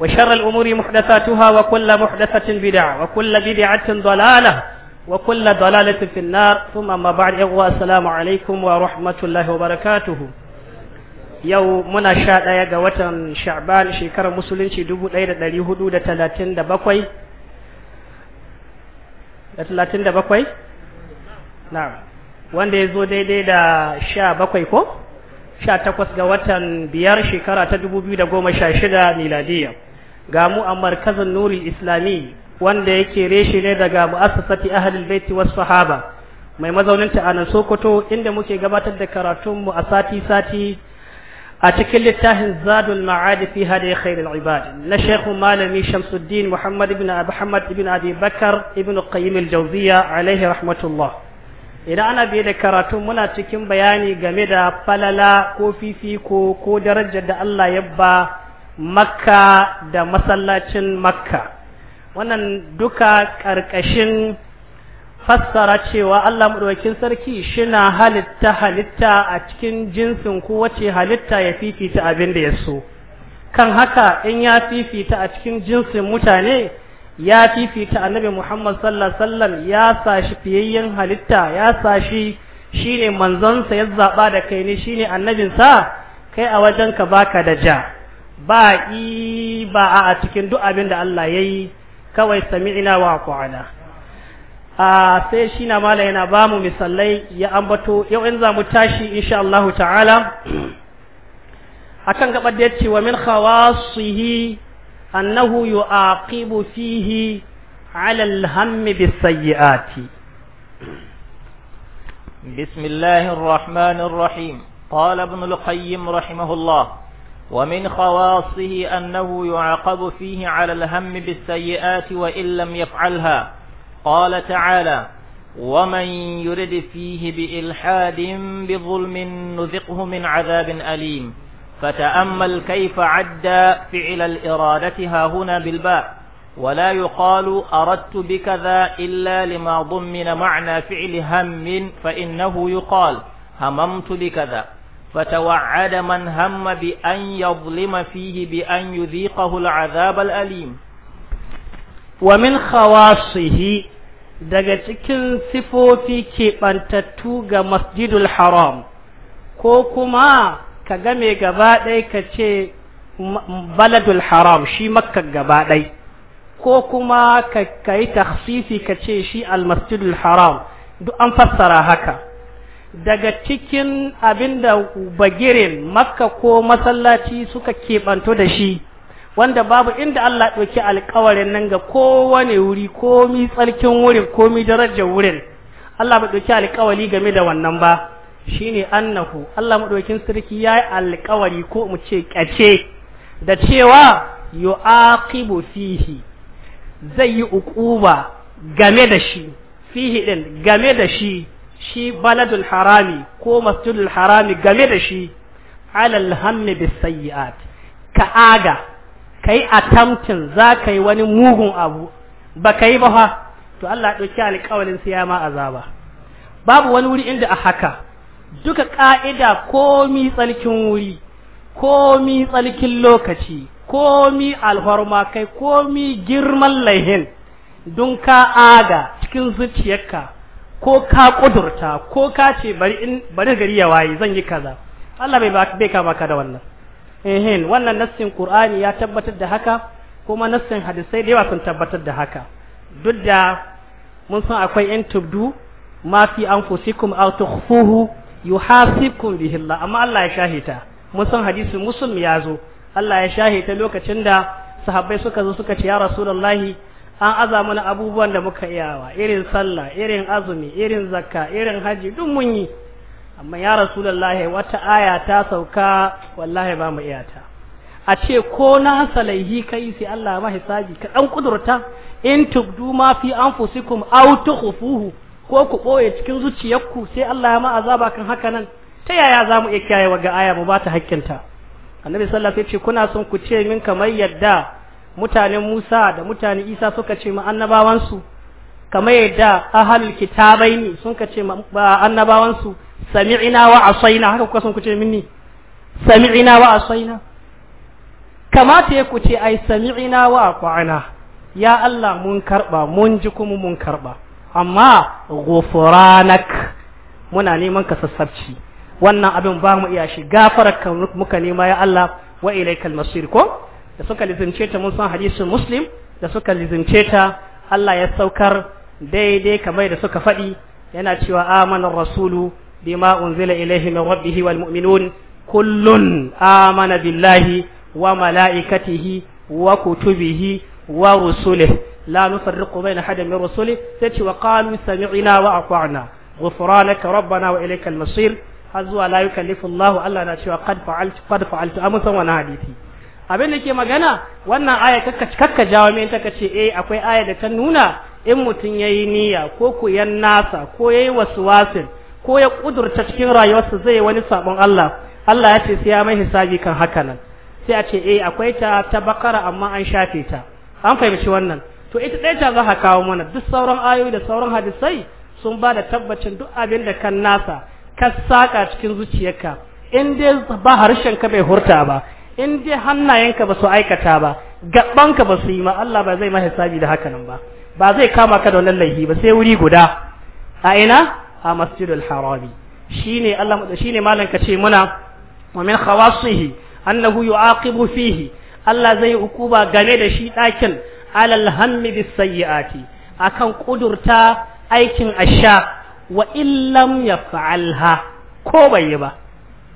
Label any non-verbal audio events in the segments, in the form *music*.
وشر الأمور محدثاتها وكل محدثة بدعة وكل بدعة ضلالة وكل ضلالة في النار ثم أما بعد إغوى السلام عليكم ورحمة الله وبركاته yau muna sha ɗaya ga watan sha'ban shekarar musulunci dubu ɗaya da ɗari hudu da talatin da bakwai da talatin da bakwai na wanda ya zo daidai da sha bakwai ko sha takwas ga watan biyar shekara ta dubu biyu da goma sha shida miladiyya ga mu a markazin nurul islami wanda yake reshe ne daga mu'assasati ahlul baiti was sahaba mai mazauninta a nan Sokoto inda muke gabatar da karatun mu a sati sati a cikin littafin Zadul Ma'ad fi hadi khairul ibad na Sheikh Malami Shamsuddin Muhammad ibn Muhammad ibn Abi Bakar ibn Qayyim al-Jawziyya alaihi rahmatullah idan ana biye da karatu muna cikin bayani game da falala ko fifiko ko darajar da Allah ya ba makka da masallacin makka wannan duka ƙarƙashin fassara cewa Allah maɗaukin sarki shina halitta halitta a cikin jinsin kowace halitta ya fifita abin da ya so kan haka in ya fifita a cikin jinsin mutane ya fifita annabi Muhammad sallallahu sallam ya sa shi fiyayyen halitta ya sa shi shine manzonsa ya zaɓa da kai ne shine annabinsa kai a wajenka baka da ja ba i ba a cikin duk abin da Allah ya yi kawai sami'ina wa ku'ana a sai shi na mala yana ba mu misalai ya ambato yau in za mu tashi insha Allah ta'ala akan gabar da yace wa min khawasihi annahu yu'aqibu fihi ala al-hamm bis بسم الله الرحمن الرحيم قال ابن القيم رحمه الله ومن خواصه أنه يعاقب فيه على الهم بالسيئات وإن لم يفعلها قال تعالى ومن يرد فيه بإلحاد بظلم نذقه من عذاب أليم فتأمل كيف عد فعل الإرادة هنا بالباء ولا يقال أردت بكذا إلا لما ضمن معنى فعل هم فإنه يقال هممت بكذا فتوعد من هم بأن يظلم فيه بأن يذيقه العذاب الأليم ومن خواصه daga cikin sifofi keɓantattu ga masjidul haram ko kuma ka game gaba ɗai ka ce baladul haram shi makka gaba ɗai ko kuma ka yi tafsisi ka ce shi almasjidul haram duk an fassara haka daga cikin abinda bagirin makka ko masallaci suka keɓanto da shi wanda babu inda Allah ɗauki alkawarin nan ga kowane wuri komi tsarkin wurin komi darajar wurin Allah bai ɗauki alkawari game da wannan ba shine annahu Allah maɗaukin sarki ya yi alkawari ko mu ce kace da cewa yu'aqibu fihi zai yi uquba game da shi fihi ɗin game da shi shi baladul harami ko masjidul harami game da shi alal hammi bis sayyi'at ka aga kai attempting za ka yi wani mugun abu ba ka yi ba fa to Allah ɗauki alƙawarin sai ma azaba babu wani wuri inda a haka duka ƙa'ida komi tsarkin wuri komi tsarkin lokaci komi alhorma kai komi girman laihin dun ka aga cikin zuciyarka ko ka kudurta ko ka ce bari in bari gari ya waye zan yi kaza Allah bai bai kama ka da wannan ehin wannan nassin Qur'ani ya tabbatar da haka kuma nassin hadisai da yawa sun tabbatar da haka duk da mun san akwai in tubdu ma fi anfusikum aw tukhfuhu yuhasibkum bihi Allah amma Allah ya shahita mun san hadisi muslim ya zo Allah ya shahita lokacin da sahabbai suka zo suka ce ya rasulullahi an aza mana abubuwan da muka iyawa irin sallah irin azumi irin zakka irin haji duk mun yi amma ya rasulullahi wata aya ta sauka wallahi ba mu iyata a ce ko na salaihi kai sai Allah ma hisabi ka dan kudurta in tubdu ma fi anfusikum aw tukhfuhu ko ku boye cikin zuciyarku sai Allah ma azaba kan haka nan ta yaya za mu iya kiyaye wa ga aya mu ba ta hakkinta annabi sallallahu alaihi wasallam ya ce kuna son ku ce min kamar yadda mutanen Musa da mutanen Isa suka ce ma annabawansu kamar yadda ahal kitabai ne sun ka ce annabawansu sami'ina wa asaina haka kuka sun kuce minni sami'ina wa asaina kamata ya kuce ai sami'ina wa aqana ya Allah mun karba mun ji kuma mun karba amma ghufranak muna neman ka sassabci wannan abin ba mu iya shi gafarar muka nema ya Allah wa ilaikal masir ko da suka lizimce ta mun san hadisin muslim da suka lizimce ta Allah ya saukar daidai kamar da suka faɗi yana cewa amanar rasulu bima unzila ilaihi min rabbihi wal mu'minun kullun amana billahi wa mala'ikatihi wa kutubihi wa rusulihi la nufarriqu bayna ahadin min rusulihi sai ce wa qalu sami'na wa ata'na ghufranaka rabbana wa ilaykal masir har zuwa la yukallifu Allah Allah na cewa qad fa'altu qad fa'altu amma san wannan hadisi abin da ke magana wannan aya kakka jawo min ta kace eh akwai aya da ta nuna in mutum yayi niyya ko ku yan nasa ko yayi waswasin ko ya kudurta cikin rayuwarsa zai yi wani sabon Allah Allah ya ce sai ya mai hisabi kan haka nan sai a ce eh akwai ta ta bakara amma an shafe ta an fahimci wannan to ita ɗaya ta za ka kawo mana duk sauran ayoyi da sauran hadisai sun ba da tabbacin duk abin da kan nasa ka saka cikin zuciyarka in dai ba harshen ka bai hurta ba in dai hannayenka ba su aikata ba gabanka ba su yi ma Allah ba zai ma hisabi da hakanan ba ba zai kama ka da wannan ba sai wuri guda a ina a masjidul harami shine Allah shine malam ka ce muna wa min khawasihi annahu yu'aqibu fihi Allah zai hukuba game da shi ɗakin alal hammi bis sayyi'ati akan kudurta aikin asha wa illam yaf'alha ko bai yi ba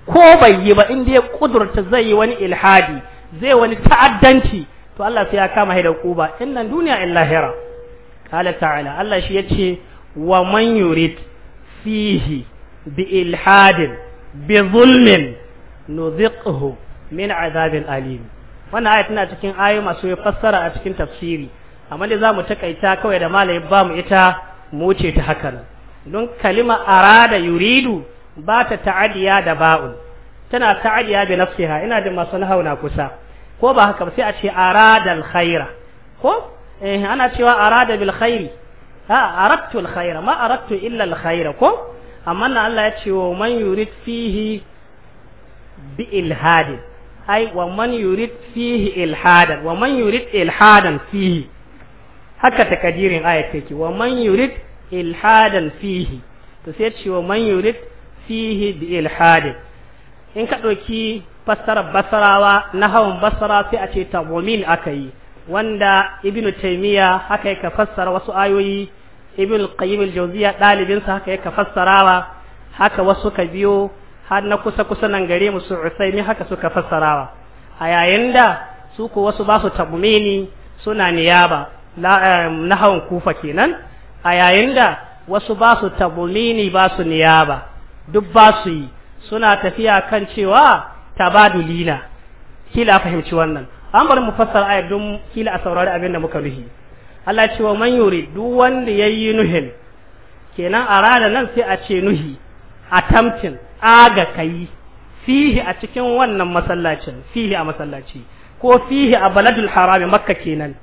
ko bai yi ba in ya kudurta zai yi wani ilhadi zai wani ta'addanci to Allah sai ya kama haida kuba innan duniya in lahira qala ta'ala Allah shi yace wa man yurid fihi bi ilhadin bi zulmin nuziqhu min azabin alim wannan aya tana cikin ayoyi masu fassara a cikin tafsiri amma dai zamu takaita kawai da malai ba mu ita mu ce ta hakan don kalima arada yuridu ba ta ta'aliya da ba'un tana ta'aliya bi nafsiha ina jin masu nahauna kusa ko ba haka ba sai a ce arada alkhaira ko eh ana cewa arada bil khairi ha aradtu alkhaira ma aradtu illa alkhaira ko amma na Allah ya ce wa man yurid fihi bi ilhadin ai wa man yurid fihi ilhadan wa man yurid ilhadan fihi haka takadirin ayat take wa man yurid ilhadan fihi to sai ce wa man yurid fihi bi ilhadin in ka ɗauki fassarar basarawa na hawan basara sai a ce tabomin aka yi wanda ibnu taimiya haka yaka fassara wasu ayoyi ibnu qayyim al-jawziya ɗalibinsa haka yaka fassarawa haka wasu ka biyo har na kusa kusa nan gare mu su usaimi haka suka fassarawa a yayin da su ko wasu ba su tabmini suna niyaba eh, na hawan kufa kenan a yayin da wasu ba su tabmini ba su niyaba duk ba su yi suna tafiya kan cewa tabaduli na kila fahimci wannan an bari mu fassara ayat don kila a saurari abin da muka ruhi. Allah cewa man yuri duk wanda yayi nuhin kenan a rana nan sai a ce nuhi a tamtin aga kai fihi a cikin wannan masallacin fihi a masallaci ko fihi a baladul harami makka kenan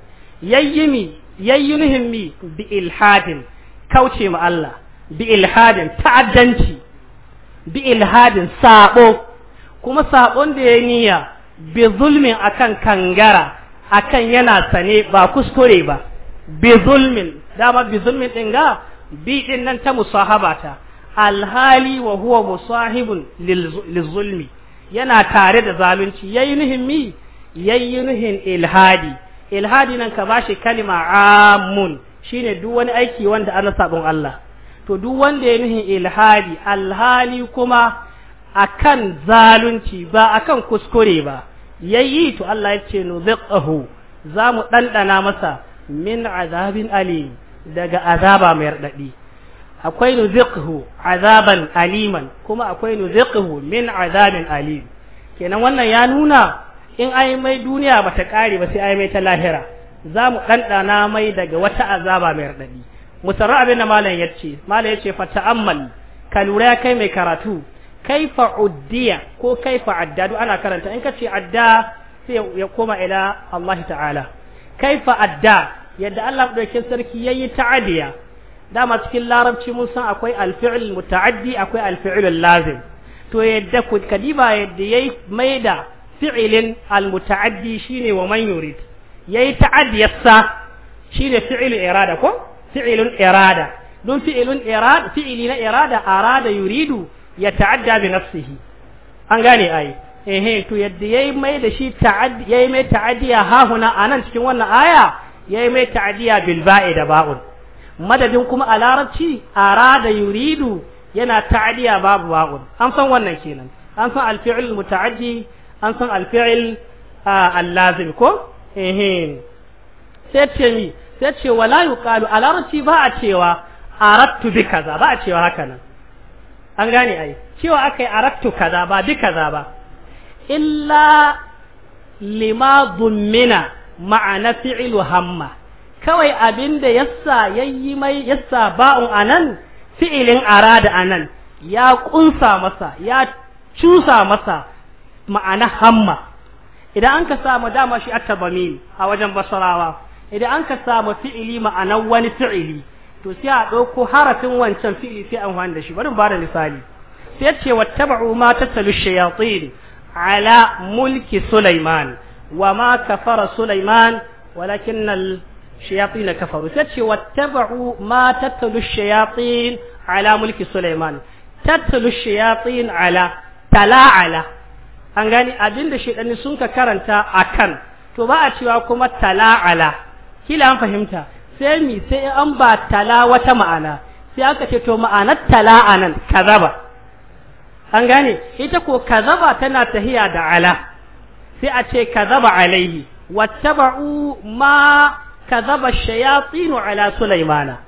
yayyimi yayyunihim mi bi ilhadin kauce ma Allah bi ilhadin ta'addanci bi ilhadin saɓo kuma saɓon da ya niyya bi zulmin akan kangara akan yana sane ba kuskure ba bi zulmin dama bi zulmin din ga bi din nan ta musahabata alhali wa huwa musahibun lil zulmi yana tare da zalunci yayi nuhin mi yayi nuhin ilhadi ilhadi nan ka bashi kalima amun shine duk wani aiki wanda ana sabon Allah to duk wanda ya nuhin ilhadi alhali kuma akan zalunci ba akan kuskure ba yayi to Allah ya ce nuziqahu za mu ɗanɗana masa min azabin ali daga azaba mai radadi akwai nuziqahu azaban aliman kuma akwai nuziqahu min azabin ali kenan wannan ya nuna in ai mai duniya bata kare ba sai ai mai ta lahira za mu ɗanɗana mai daga wata azaba mai radadi musarra abin da malam ya ce malam ya ce fa ta'ammal ka lura kai mai karatu kaifa uddiya ko kaifa adda duk ana karanta in ka ce adda sai ya koma ila Allah ta'ala kaifa adda yadda Allah ɗaukin sarki yayi ta'adiya dama cikin larabci mun san akwai alfi'il muta'addi akwai alfi'il lazim to yadda ku kadiba yadda yayi maida fi'ilin almuta'addi shine wa man yurid yayi ta'adiyarsa shine fi'il irada ko fi'ilun irada don fi'ilun irada fi'ili na irada arada yuridu ya ta'adda bi nafsihi an gane ai eh to yadda yayi mai da shi ta'addi yayi mai ta'addiya ha huna anan cikin wannan aya yayi mai ta'addiya bil ba'i da ba'un madadin kuma a larabci arada yuridu yana ta'addiya babu ba'un an san wannan kenan an san al-fi'l muta'addi an san al-fi'l ah, al-lazim ko eh sai ce mi sai ce wala yuqalu a larabci ba a cewa arattu bi kaza ba a cewa haka nan an gane ai cewa akai arattu kaza ba bi kaza ba illa lima dummina ma'ana fi'il hamma kawai abinda yassa yayi mai yassa ba'un anan fi'ilin arada anan ya kunsa masa ya cusa masa ma'ana hamma idan an ka samu dama shi at tabamin a wajen basarawa idan an ka samu fi'ili ma'anar wani fi'ili to sai a ɗauko harafin wancan fi'ili sai an amfani da shi bari ba da misali sai ce wattaba'u ma tattalu shayatin ala mulki Sulaiman wa ma kafara Sulaiman walakinnal shayatin kafaru sai ce wa wattaba'u ma tattalu shayatin ala mulki Sulaiman tattalu shayatin ala tala ala an gani abinda shedani sun ka karanta akan to ba a cewa kuma tala ala kila an fahimta sai mi sai an ba tala wata ma'ana sai aka ce to ma'anar tala anan kazaba an gane ita ko kazaba tana tahiya da ala sai a ce kazaba alaihi wattaba'u ma kazaba shayatinu ala sulaimana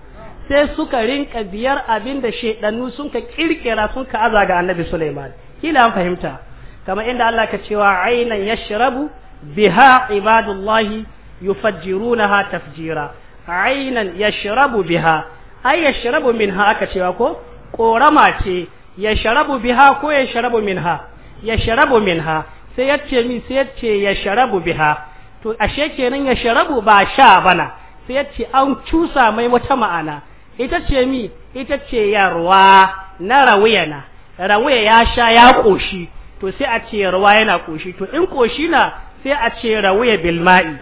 sai suka rinka biyar abinda shedanu sun ka kirkira sun ka aza ga annabi sulaiman kila an fahimta kama inda Allah ka cewa ainan yashrabu biha ibadullahi ha tafjira ainan yashrabu biha ai min minha aka cewa ko korama ce yashrabu biha ko yashrabu minha min minha sai yace min sai yace yashrabu biha to ashe kenan sharabu ba sha bana sai yace an cusa mai wata ma'ana ita ce mi ita ce ruwa na rawiyana rawaya ya sha ya koshi to sai a ce yarwa yana koshi to in koshi na sai a ce rawaya bilma'i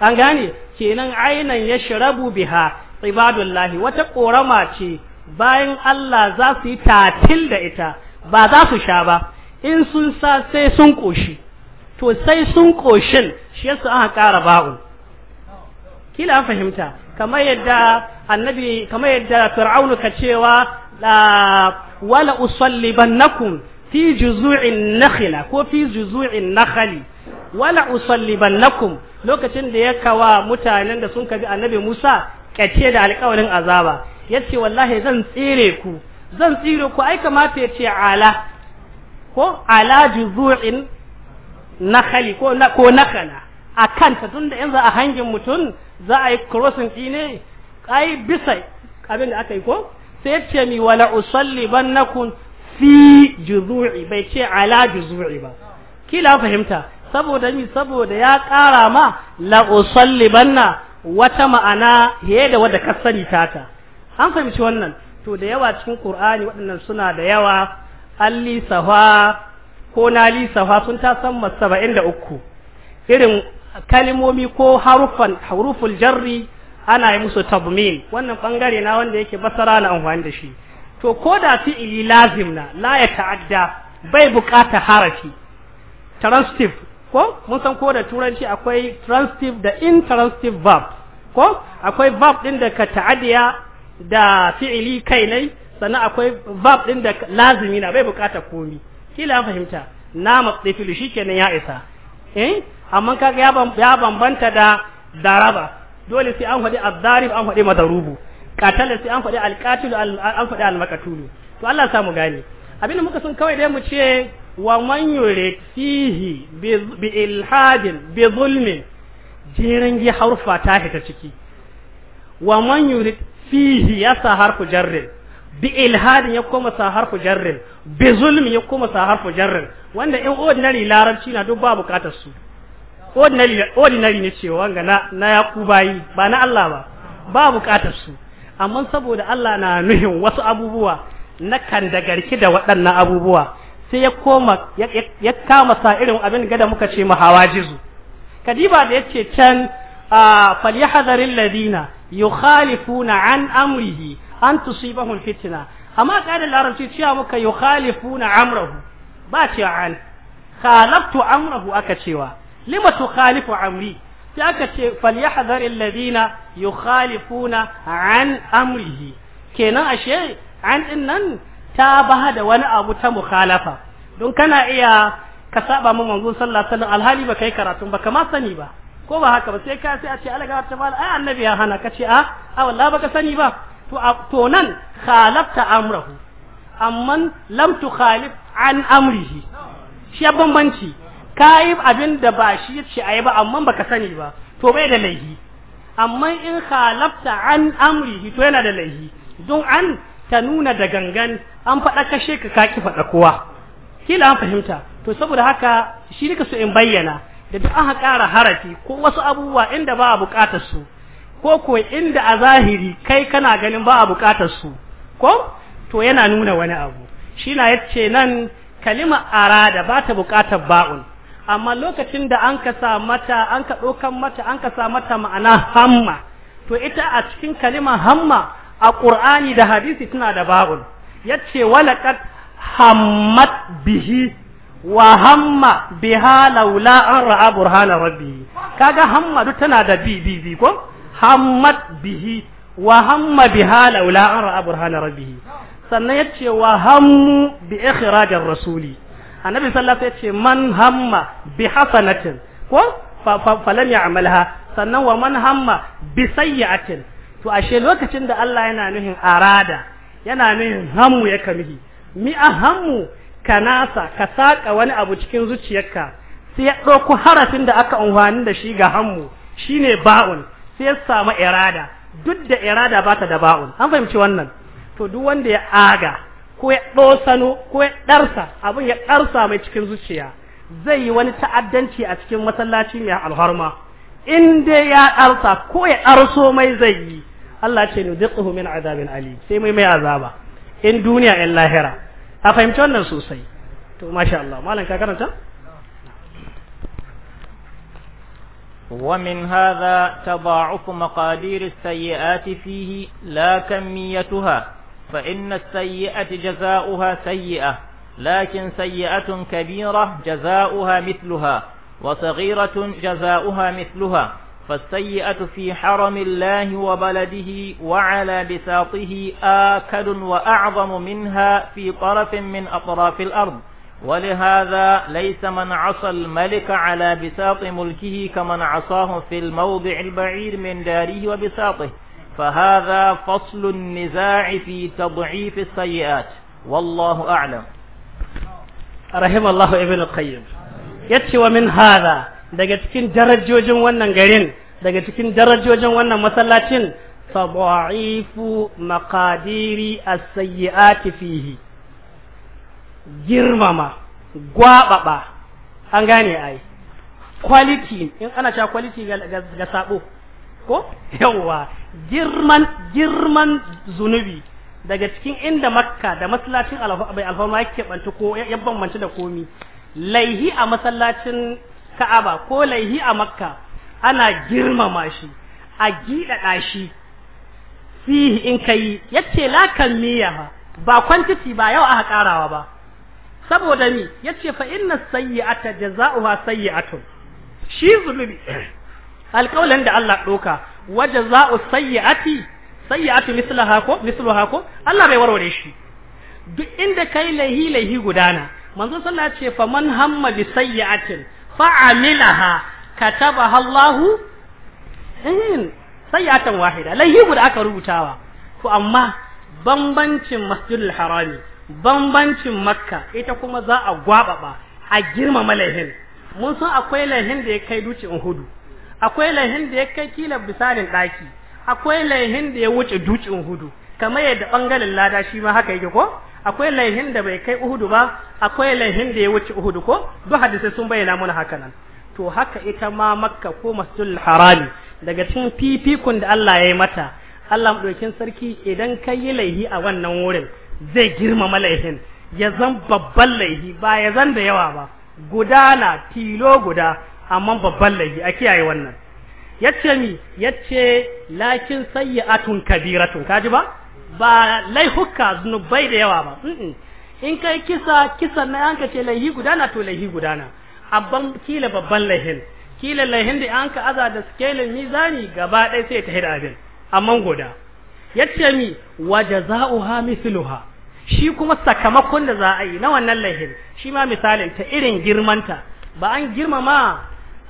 an gane kenan ainan ya shirabu biha ibadullahi wata korama ce bayan Allah za su yi tatil da ita ba za su sha ba in sun sa sai sun koshi to sai sun koshin shi yasa aka ƙara ba'u kila an fahimta kamar yadda annabi kamar yadda fir'aunu ka cewa wala usallibannakum fi juzu'in nakhla ko fi juzu'in nakhli wala usalliban lakum lokacin da ya kawa mutanen da sun kabi annabi Musa kace da alƙawarin azaba yace wallahi zan tsire ku zan tsire ku ai kamata yace ala ko ala juzu'in nakhali ko na ko nakhala akan ta tunda yanzu a hangin mutum za a yi crossing ne ai bisa abin da aka yi ko sai yace mi wala usallibannakum fi juzu'i bai ce ala juzu'i ba kila fahimta saboda ni saboda ya ƙara ma la usallibanna wata ma'ana he da wadda ka sani tata an fahimci wannan to da yawa cikin qur'ani waɗannan suna da yawa alli safa ko li safa sun ta san saba'in da uku irin kalimomi ko harufan haruful jarri ana yi musu tabmin wannan bangare na wanda yake basara na amfani da shi to ko da fi'ili lazim na la ya ta'adda bai bukata harafi transitive ko mun san ko da turanci akwai transitive da intransitive verb ko akwai verb din da ka ta'adiya da fi'ili kai ne sannan akwai verb din da lazimi na bai bukata komi kila fahimta na shi shikenan ya isa eh amma kaga ya bambanta da daraba dole sai an faɗi azarif an faɗi madarubu katala sai an faɗi alqatilu an faɗi almaqtulu to Allah ya samu gani abinda muka sun kawai dai mu ce wa man yurid fihi bi ilhadin bi zulmin jiran gi ta ciki wa man yurid ya sa harfu jarrin bi ilhadin ya koma sa harfu jarrin bi zulmin ya koma sa harfu jarrin wanda in ordinary larabci na duk ba bukatar su ordinary ne cewa ga na na yakubayi ba na Allah ba ba bukatar su amma saboda Allah na nuhin wasu abubuwa nakan kan da waɗannan abubuwa sai ya koma ya kama sa irin abin gada muka ce mu jizu kadiba da yace can a ah, falyahadhar alladhina yukhalifuna an amrihi an tusibahum fitna amma kada larabci cewa muka yukhalifuna amrahu ba ce an khalaftu amrahu aka cewa lima tukhalifu amri sai aka ce falyahadhar alladhina yukhalifuna an amrihi kenan ashe an din nan Ta mushabaha da wani abu ta mukhalafa don kana iya ka saba min manzo sallallahu alaihi wasallam alhali ba kai karatun ba kama sani ba ko ba haka ba sai ka sai a ce alaga ta mal ai annabi ya hana ka ce a ah, a wallahi baka sani ba to to nan khalafta amrahu amman lam tukhalif an amrihi shi ya bambanci kayi abin da ba shi ce ayi ba amman baka sani ba to bai da laihi amma in khalafta an amrihi to yana da laihi don an ta nuna da gangan an faɗa kashe ka kaki faɗa kowa kila an fahimta to saboda haka shi nika so in bayyana da duk aka ƙara harafi ko wasu abubuwa inda ba a buƙatar su ko ko inda a zahiri kai kana ganin ba a buƙatar su ko to yana nuna wani abu shi na yace nan kalima arada ba ta buƙatar ba'un amma lokacin da an ka sa mata an ka ɗaukan mata an ka sa mata ma'ana hamma to ita a cikin kalima hamma a ƙur'ani da hadisi suna da babun wala walaqad hammat bihi wa hamma biha laula an ra'a burhana rabbi kaga hamma duk tana da bi bi bi ko hammat bihi wa hamma biha laula an ra'a burhana rabbi sannan ya ce wa hammu bi ikhrajir rasuli annabi sallallahu alaihi wasallam ce man hamma bi hasanatin ko fa falam ya'malha sannan wa man hamma bi sayyi'atin to ashe lokacin da Allah yana nuhin arada yana nuhin hammu ya kamihi mi a hammu ka nasa ka saƙa wani abu cikin zuciyarka sai ya ɗauku harafin da aka amfani da shi ga hammu shine ba'un sai ya samu irada duk da irada ba ta da ba'un an fahimci wannan to duk wanda ya aga ko ya ɗosano ko ya ɗarsa abin ya ɗarsa mai cikin zuciya zai yi wani ta'addanci a cikin masallaci mai alharma in dai ya ɗarsa ko ya ɗarso mai zai yi Allah ce nuziquhu min azabin ali sai mai mai azaba in duniya in lahira a fahimci wannan sosai to masha Allah malam ka karanta ومن هذا تضاعف مقادير السيئات فيه لا كميتها فإن السيئة جزاؤها سيئة لكن سيئة كبيرة جزاؤها مثلها وصغيرة جزاؤها مثلها فالسيئة في حرم الله وبلده وعلى بساطه آكد وأعظم منها في طرف من أطراف الأرض ولهذا ليس من عصى الملك على بساط ملكه كمن عصاه في الموضع البعيد من داره وبساطه فهذا فصل النزاع في تضعيف السيئات والله أعلم رحم الله ابن القيم يتشو من هذا daga cikin darajojin wannan garin daga cikin darajojin wannan masallacin fada'ifu maqadiri as-sayyi'ati fihi girmama gwababa an gane ai quality in ana cewa quality ga sabo ko yawa girman girman zunubi daga cikin inda makka da masallacin alfa bai alfa ma yake bantu ko ya bambanta da komi laihi a masallacin ka'aba ko laihi a makka ana girmama shi a gidada shi fihi in kai yace la kamiyaha ba kwantiti ba yau aka karawa ba saboda ni yace fa inna sayyi'ata jazaa'uha sayyi'atun shi zulubi alƙawlan da Allah doka wa jazaa'u sayyi'ati sayyi'atu mislaha ko mislaha ko Allah bai warware shi duk inda kai laihi laihi gudana manzo sallallahu alaihi wasallam ce fa man hamma bi sayyi'atin fa'amilaha ɗin eh, sai ya tan wahida laihi guda aka rubutawa ku amma bambancin masjidul harami bambancin makka ita kuma za a gwababa a girmama malahin mun san akwai lahin da ya kai duci in hudu akwai lahin da ya kai kila bisalin ɗaki akwai lahin da ya wuce duci in hudu kamar yadda ɓangaren lada shi ma haka yake ko akwai laihin da bai kai uhudu ba akwai laihin da ya wuce uhudu ko duk hadisai sun bayyana mana haka nan to haka ita ma makka ko masjidul harami daga cikin fifikun da Allah ya yi mata Allah ɗaukin sarki idan ka yi laihi a wannan wurin zai girmama laihin ya zan babban laihi ba ya zan da yawa ba gudana tilo guda amma babban laihi a kiyaye wannan yace mi yace lakin Kabiratu kabiratun kaji ba ba laihuka zunubai da yawa ba in kai kisa kisa na yanka ka ce laihi gudana to laihi gudana abban kila babban laihin kila laihin da an ka aza da skelin mizani gaba ɗaya sai ta hira abin amma guda yace mi wa jazaoha mithluha shi kuma sakamakon da za a yi na wannan laihin shi ma misalin ta irin girmanta ba an girmama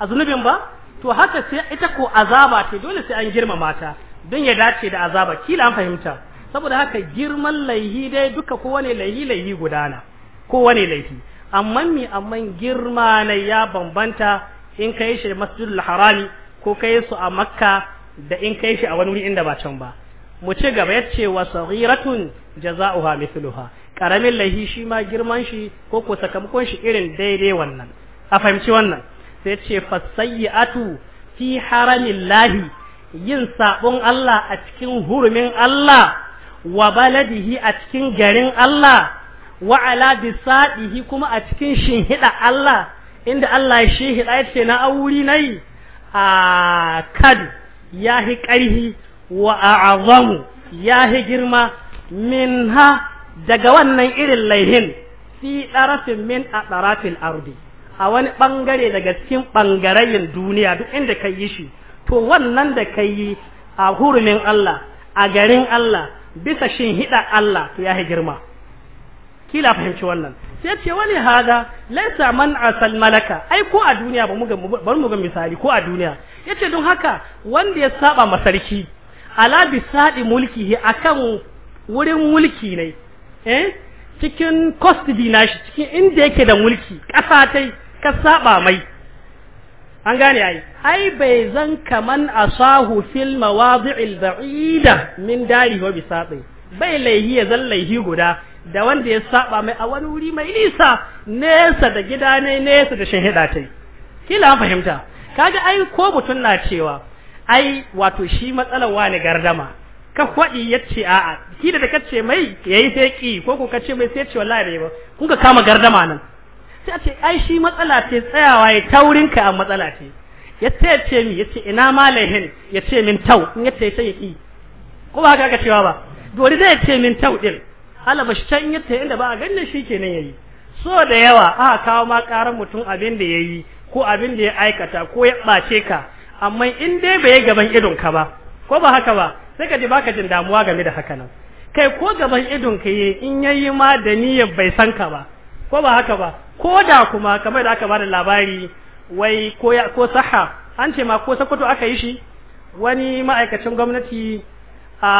a zunubin ba to haka sai ita ko azaba ce dole sai an girmama ta don ya dace da azaba kila an fahimta saboda haka girman laihi dai duka kowane laihi laihi gudana kowane laihi amma mi amma girma ne ya bambanta in kai shi masjidul harami ko kai su a makka da in kai shi a wani wuri inda ba can ba mu ci gaba ya ce wa saghiratun jaza'uha mithluha karamin laihi shi ma girman shi ko ko sakamakon shi irin daidai wannan a fahimci wannan sai ce fasayyatu fi haramillahi yin sabon Allah a cikin hurumin Allah wa baladihi a cikin garin Allah wa ala bisadihi kuma a cikin shinhida Allah inda Allah shi hida yace na auri nayi a kad yahi karhi wa a'zamu yahi girma minha daga wannan irin laihin fi darafin min adarafil ardi a wani bangare daga cikin bangarayin duniya duk inda kai shi to wannan da kai a hurumin Allah a garin Allah bisa shin hida Allah to ya girma kila fahimci wannan sai ce wani hada laisa man asal malaka ai ko a duniya ba mu ga ba mu ga misali ko a duniya yace don haka wanda ya saba masarki ala bisadi mulkihi akan wurin mulki ne eh cikin custody shi cikin inda yake da mulki kasa tai ka saba mai an gane ai ai bai zan kaman asahu fil mawadi'il ba'ida min dari wa bisabi bai laihi ya zan laihi guda da wanda ya saba mai a wani wuri mai nisa nesa da gida ne nesa da shan hida tai kila an fahimta kaga ai ko mutun na cewa ai wato shi matsalar wani gardama ka kwaɗi ya ce a'a kila da kace mai yayi sai ki ko ko kace mai sai ce wallahi ba kun ka kama gardama nan sai ce ai shi matsala ce tsayawa ya taurin ka a matsala ce ya ce ce mi ya ce ina malahin ya ce min tau in ya ce sai ya ki ko ba haka ka cewa ba dori zai ce min tau din ba shi can ya inda ba a ganin shi kenan yayi so da yawa aka kawo ma karan mutum abin da yayi ko abin da ya aikata ko ya bace ka amma in dai bai yi gaban idon ka ba ko ba haka ba sai ka ji baka jin damuwa game da haka nan kai ko gaban idon ka yi in yayi ma da niyyar bai san ka ba ko ba haka ba ko da kuma kamar da aka bada labari wai ko ya ko saha an ce ma ko sakwato aka yi shi wani ma'aikacin gwamnati a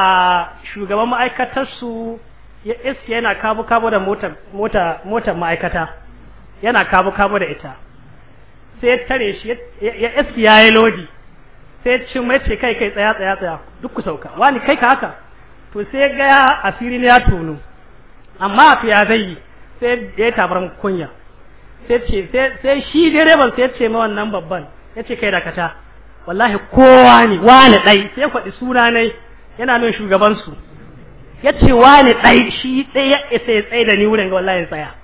shugaban ma'aikatar su ya iske yana kabo kabo da mota mota motar ma'aikata yana kabo kabo da ita sai ya tare shi ya iske yayi lodi sai ya ci mai ce kai kai tsaya tsaya tsaya duk ku sauka wani kai ka haka to sai ya ga asiri ne ya tono amma a ya zai yi sai ya tabar kunya sai ce sai shi direban sai ce ma wannan babban ya ce kai dakata wallahi kowa ne wani ɗai sai kwaɗi suna ne yana min shugabansu ya ce wani ɗai shi ɗai ya isa ya tsaye da ni wurin ga wallahi tsaya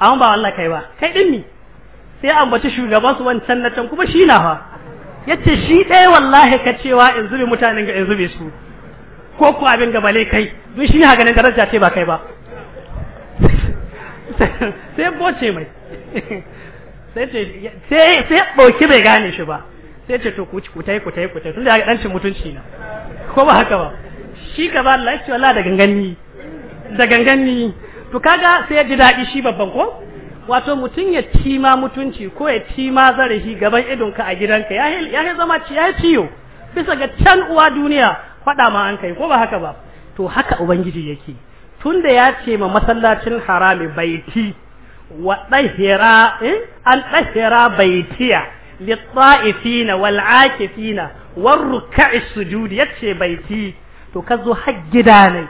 amma ba wallahi kai ba kai ɗin ni sai ambaci shugabansu wancan na can kuma shi na fa ya ce shi ɗaya wallahi ka cewa in zube mutanen ga in zube su ko ku abin gabale kai don shi ne haganin daraja ce ba kai ba *laughs* sai boce mai sai ce sai sai bai gane shi ba sai ce to ku kutai kutai tun da ya cin mutunci na ko ba haka ba shi ka ba Allah ya wallahi da ganganni da ganganni to kaga sai ya ji dadi shi babban ko wato mutum ya ci ma mutunci ko ya ci ma zarafi gaban idonka a gidanka ya ya zama ci ya ciyo bisa ga can uwa duniya faɗa ma an kai ko ba haka ba to haka ubangiji yake tunda ya ce ma masallacin harami baiti wa ɗahira in eh, an ɗahira baitiya litsa'ifina wal'akifina wal-aakifina sujudi ya ce baiti to ka zo haggida ne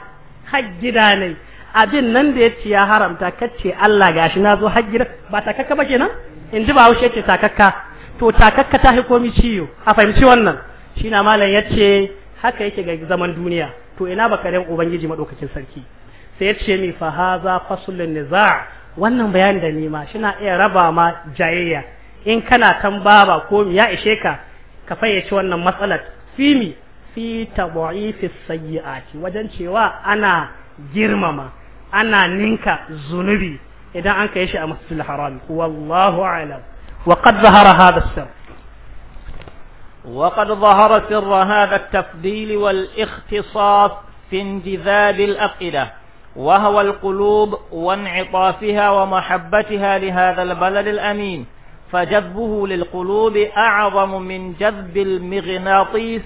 haggida ne abin nan da ce ya haramta ka ce Allah gashi na zo haggida ba takakka ba kenan in ji ba haushe ce takakka to takakka ta komi ciyo a fahimci wannan shi na malam yace haka yake ga zaman duniya to ina baka ran ubangiji madaukakin sarki sai ya ce mi fa haza faslun niza' wannan bayanin da nima shina iya raba ma jayayya in kana kan baba ko mi ya ishe ka ka fayyace wannan matsalar fi mi fi tad'ifi sayyi'ati wajen cewa ana girmama ana ninka zunubi idan an kai shi a masjidil haram wallahu a'lam wa qad zahara hadha as-sirr وقد ظهر سر هذا التفضيل والاختصاص في انجذاب الأفئدة وهو القلوب وانعطافها ومحبتها لهذا البلد الأمين فجذبه للقلوب أعظم من جذب المغناطيس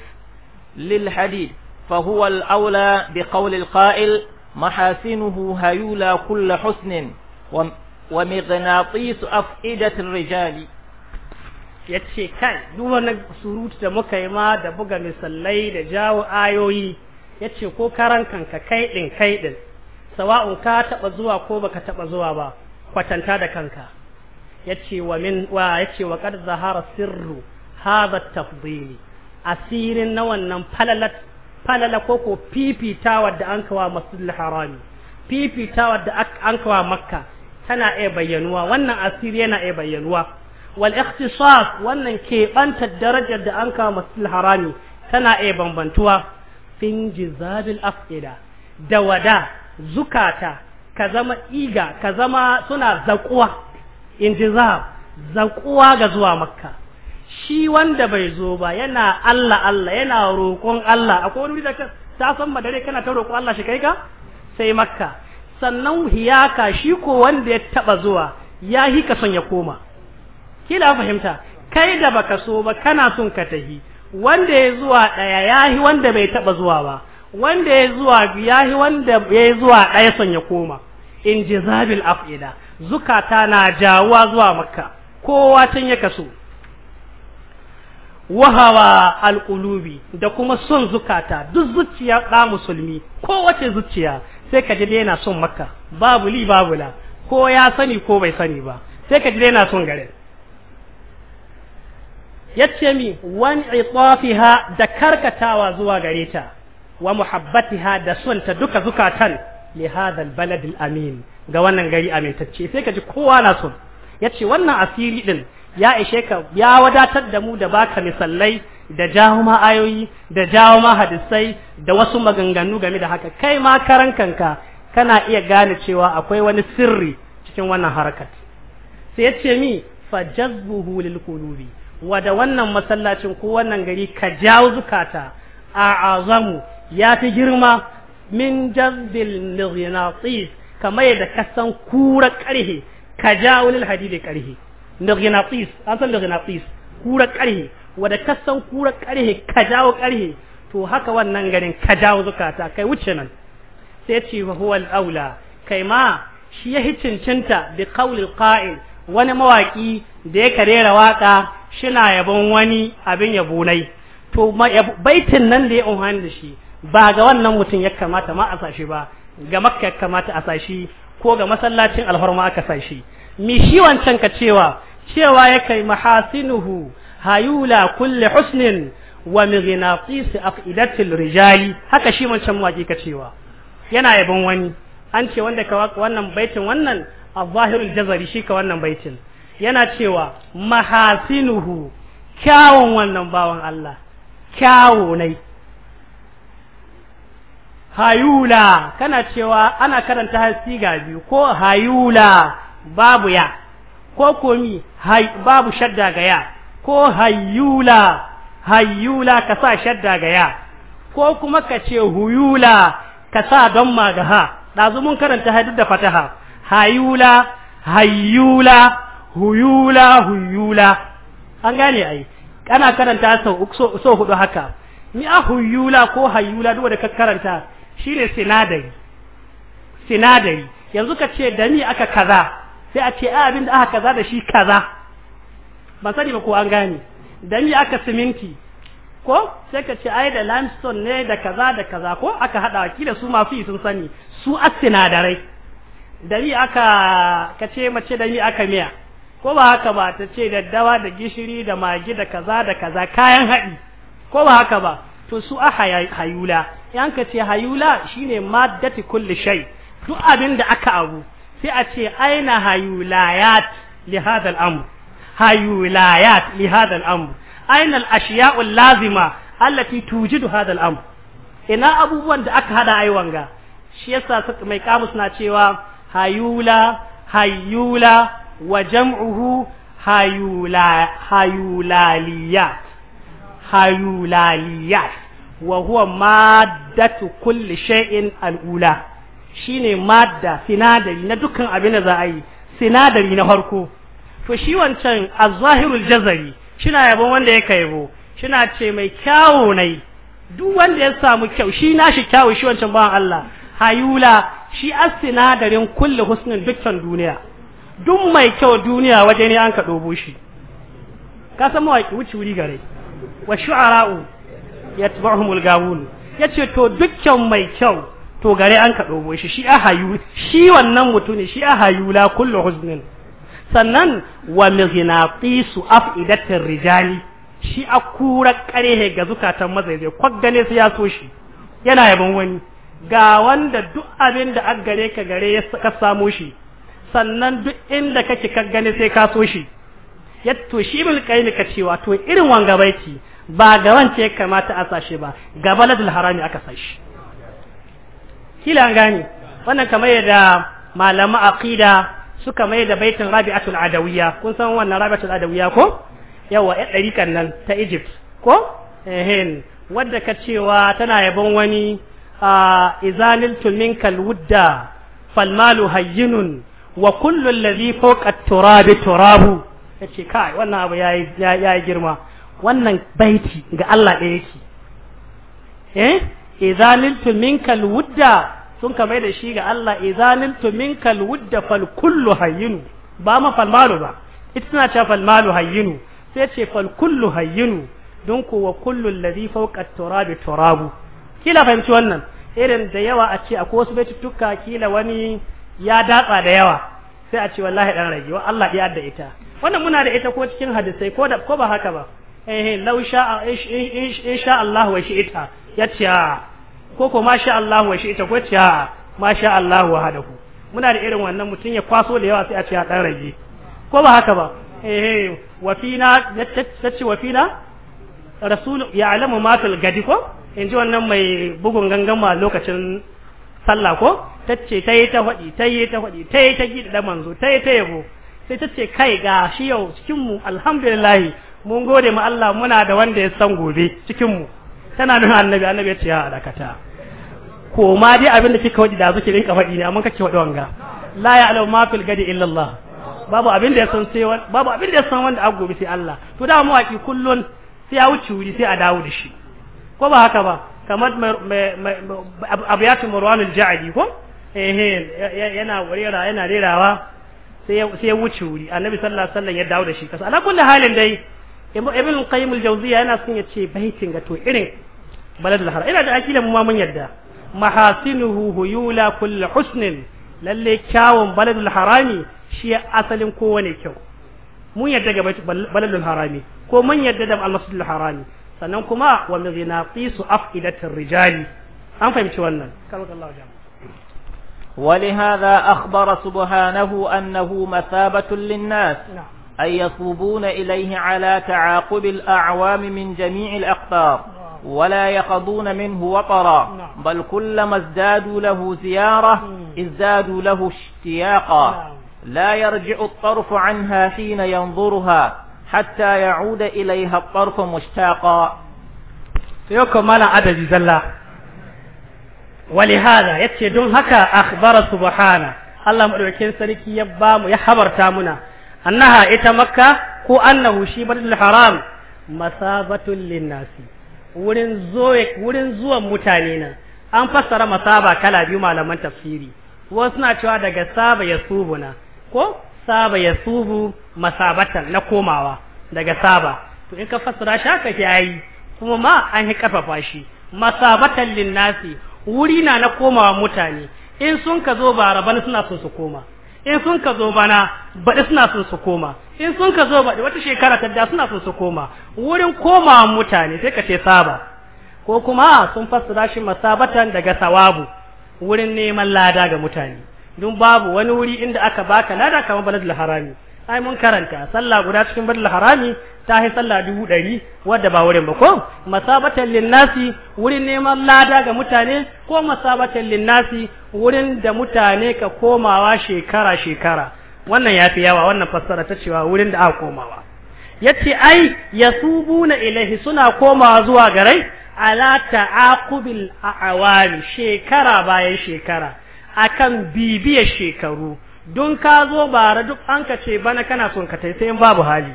للحديد فهو الأولى بقول القائل محاسنه هيولى كل حسن ومغناطيس أفئدة الرجال ya ce kai duk wani surutu da muka yi ma da buga misalai da jawo ayoyi ya ko karan kanka kai ɗin kai ɗin sawa'un ka taba zuwa ko baka taba zuwa ba kwatanta da kanka yace wa min wa yace wa qad zahara sirru hadha tafdili asirin na wannan falalat falala ko ko fifitawa da an kawa masjidil harami fifitawa da an kawa makka tana iya bayyanuwa wannan asiri yana iya bayyanuwa wal ikhtisas wannan keɓantar darajar da an kawo masjidil harami tana iya bambantuwa fin jizabil afida da wada zukata ka zama iga ka zama suna zakuwa intizab zakuwa ga zuwa makka shi wanda bai zo ba yana Allah Allah yana roƙon Allah akwai wani da ta san madare kana ta roƙon Allah shi kai ka sai makka sannan hiyaka shi ko wanda ya taba zuwa ya hi ka son ya koma kila fahimta kai da baka so ba kana son ka tahi wanda ya zuwa daya ya hi wanda bai taba zuwa ba wanda ya zuwa shi wanda ya zuwa ɗaya son ya koma in ji zabil af'ida zukata na jawuwa zuwa makka kowa can ya kaso wahawa alƙulubi da kuma son zukata duk zuciya ɗa musulmi kowace zuciya sai ka ji yana son makka babu li babu la ko ya sani ko bai sani ba sai ka ji dai yana son garin yace mi wani itafiha da karkatawa zuwa gare ta wa muhabbatiha da ta duka zukatan li hadha albalad amin ga wannan gari amintacce sai ka ji kowa na son yace wannan asiri din ya ishe ka ya wadatar da mu da baka misallai da jawo ma ayoyi da jawo ma hadisai da wasu maganganu game da haka kai ma karan kanka kana iya gane cewa akwai wani sirri cikin wannan harakat sai yace mi fa jazbuhu lil qulubi wa da wannan masallacin ko wannan gari ka jawo zukata a azamu ya fi girma min jazbil nighnatis kamar yadda ka san kura karhe ka jawo lil hadidi karhe an san nighnatis kura karhe wanda ka san kura karhe ka jawo karhe to haka wannan garin ka jawo zukata kai wuce nan sai ce wa huwa aula kai ma shi ya hicincinta bi qawlil qa'il wani mawaƙi da ya karera waka shina yabon wani abin yabonai to baitin nan da ya umhani da shi ba ga wannan mutum ya kamata ma a sashi ba ga makka ya kamata a sashi ko ga masallacin alhorma aka sashi mi shi wancan ka cewa cewa ya kai mahasinuhu hayula kulle husnin wa mighnaqis afidatil rijali haka shi wancan waƙi ka cewa yana yabon wani an ce wanda ka wannan baitin wannan a jazari shi ka wannan baitin yana cewa mahasinuhu kyawun wannan bawan Allah kyawo nai hayula kana cewa ana karanta hasi ga biyu ko hayula babu ya ko komi hay, babu shadda ga ya ko hayula hayula ka sa shadda ga ya ko kuma ka ce huyula ka sa don ma ga ha ɗazu mun karanta hadu da fataha hayula hayula huyula huyula an gane ai kana karanta sau so hudu haka ni a huyula ko hayula duk da ka karanta ne sinadari sinadari yanzu ka ce da ni aka kaza sai a ce ah, abin da aka kaza da shi kaza ban sani ba ko an gane da ni aka siminti ko sai ka ce ai da limestone ne da kaza da kaza ko aka hada kila su masu sun sani su a sinadarai da ni aka ka ce mace da ni aka miya ko ba haka ba ta ce daddawa da gishiri da magi da kaza da kaza kayan haɗi ko ba haka ba to su a hayula yan ka ce hayula shine maddati kulli shay duk abin da aka abu sai a ce aina hayulayat li hadha al-amr hayulayat li hadha al-amr aina al-ashya'u al-lazima allati tujidu hadha al-amr ina abubuwan da aka hada ai wanga shi yasa mai kamus na cewa hayula hayula wa jam'uhu hayula hayulaliyat hayulaliyat wa huwa maddatu kulli shay'in al'ula shine madda sinadari na dukkan abin da za a yi sinadari na farko to shi wancan az-zahirul jazari shina yabo wanda ya kaibo shina ce mai kyawo nai duk wanda ya samu kyau shi nashi kyawo shi wancan ba Allah hayula shi as-sinadarin kulli husnin dukkan duniya duk mai kyau duniya waje ne an ka dobo shi ka san mawaki wuci wuri gare wa shu'ara'u yatba'humul gawun yace to dukkan mai kyau to gare an ka dobo shi shi ahayu shi wannan mutune shi ahayu la kullu huznin sannan wa mighnaqisu afidatir rijali shi akura karehe ga zukatan mazaje kwaggane su ya so shi yana yaban wani ga wanda duk abin da an gare ka gare ya ka samu shi sannan duk inda kake ka gane sai ka so shi yato shi bil kaini ka cewa to irin wanga baiti ba ga wance ya kamata a sashe ba ga baladul harami aka sashi kila an gane wannan kamar yadda a aqida suka mai da baitin rabi'atul adawiyya kun san wannan rabi'atul adawiyya ko yawa ɗan ɗarikan nan ta Egypt ko ehin wadda ka cewa tana yabon wani izanil tulminkal wudda falmalu hayyinun wa kullu allazi fawqa turabi turabu yace kai wannan abu yayi yayi girma wannan baiti ga Allah ɗaya yake eh izaliltu minkal wudda sun ka mai da shi ga Allah izaliltu minkal wudda fal kullu hayyinu ba ma fal malu ba ita tana cewa fal malu hayyinu sai ce fal kullu hayyinu don wa kullu alladhi fawqa turabi turabu kila fahimci wannan irin da yawa a ce akwai wasu baitutuka kila wani ya datsa da yawa sai a ce wallahi dan rage wa Allah ya da ita wannan muna da ita ko cikin hadisai ko da ko ba haka ba ehe law sha insha Allah wa shi'ita ciya ko ko ma sha Allah wa shi'ita ko ce ma sha Allah wa hadahu muna da irin wannan mutun ya kwaso da yawa sai a ciya dan rage ko ba haka ba ehe wa fina tace wa fina rasul alamu ma fil gadi ko inji wannan mai bugun ma lokacin sallah ko tace tayi ta hadi tayi ta hadi tayi ta gida da manzo tayi ta yabo sai tace kai ga shi yau cikin mu alhamdulillah mun gode mu Allah muna da wanda ya san gobe cikin mu tana nuna annabi annabi ya ce ya dakata ko ma dai abin da kika wadi da zuke rinka fadi ne amma kake wadi wanga la ya'lamu ma fil gadi illa Allah babu abin da ya san sai babu abin da ya san wanda agobi sai Allah to da mu waki kullun sai ya wuce wuri sai a dawo da shi ko ba haka ba kamar abiyatu marwan al-ja'di ko eh yana warera yana rerawa sai ya wuce wuri annabi sallallahu alaihi wasallam ya dawo da shi kasa ala kulli halin dai ibn qayyim al-jawziya yana son ya ce baitin ga to irin baladul haram ina da akila mu ma mun yadda mahasinuhu huyula kullu husnin lalle kyawun baladul harami shi asalin kowane kyau mun yadda ga baladul harami ko mun yadda da al-masjidul harami sannan kuma wa mizinaqisu afidatir rijali an fahimci wannan karwakallahu jama'a ولهذا أخبر سبحانه أنه مثابة للناس نعم. أي يصوبون إليه على تعاقب الأعوام من جميع الأقطار ولا يقضون منه وطرا بل كلما ازدادوا له زيارة ازدادوا له اشتياقا لا يرجع الطرف عنها حين ينظرها حتى يعود إليها الطرف مشتاقا سيكون مالا عدد زلا ولهذا يتشدون هكا أخبار سبحانه الله مدوكين سريكي يبام يحبر تامنا annaha ita makka ko annahu shi batul haram masabatul linnasi wurin wurin zuwan mutane na an fassara masaba kala biyu malaman tafsiri wasu na cewa daga saba yasubuna ko saba yasubu masabatan na komawa daga saba to in ka fassara shi haka yayi kuma ma an yi karfafa shi masabatan linnasi wuri na na komawa mutane in sun ka zo ba rabani suna so su koma in sun ka zo bana baɗi suna sun su koma in sun ka zo baɗi wata shekara ta da suna sun su koma wurin koma mutane sai ka ce saba ko kuma sun fassara shi masabatan daga sawabu wurin neman lada ga mutane don babu wani wuri inda aka baka lada kamar baladul harami ai mun karanta sallah guda cikin badal harami ta hi sallah dubu ɗari wadda ba wurin ba ko masabatan linnasi wurin neman lada ga mutane ko masabatan linnasi wurin da mutane ka komawa shekara shekara wannan ya fi yawa wannan fassara ta cewa wurin da aka komawa yace ai yasubuna ilahi suna komawa zuwa garai ala ta'aqubil a'awami shekara bayan shekara akan bibiyar shekaru don ka zo bara duk an ka ce bana kana son ka tai sai in babu hali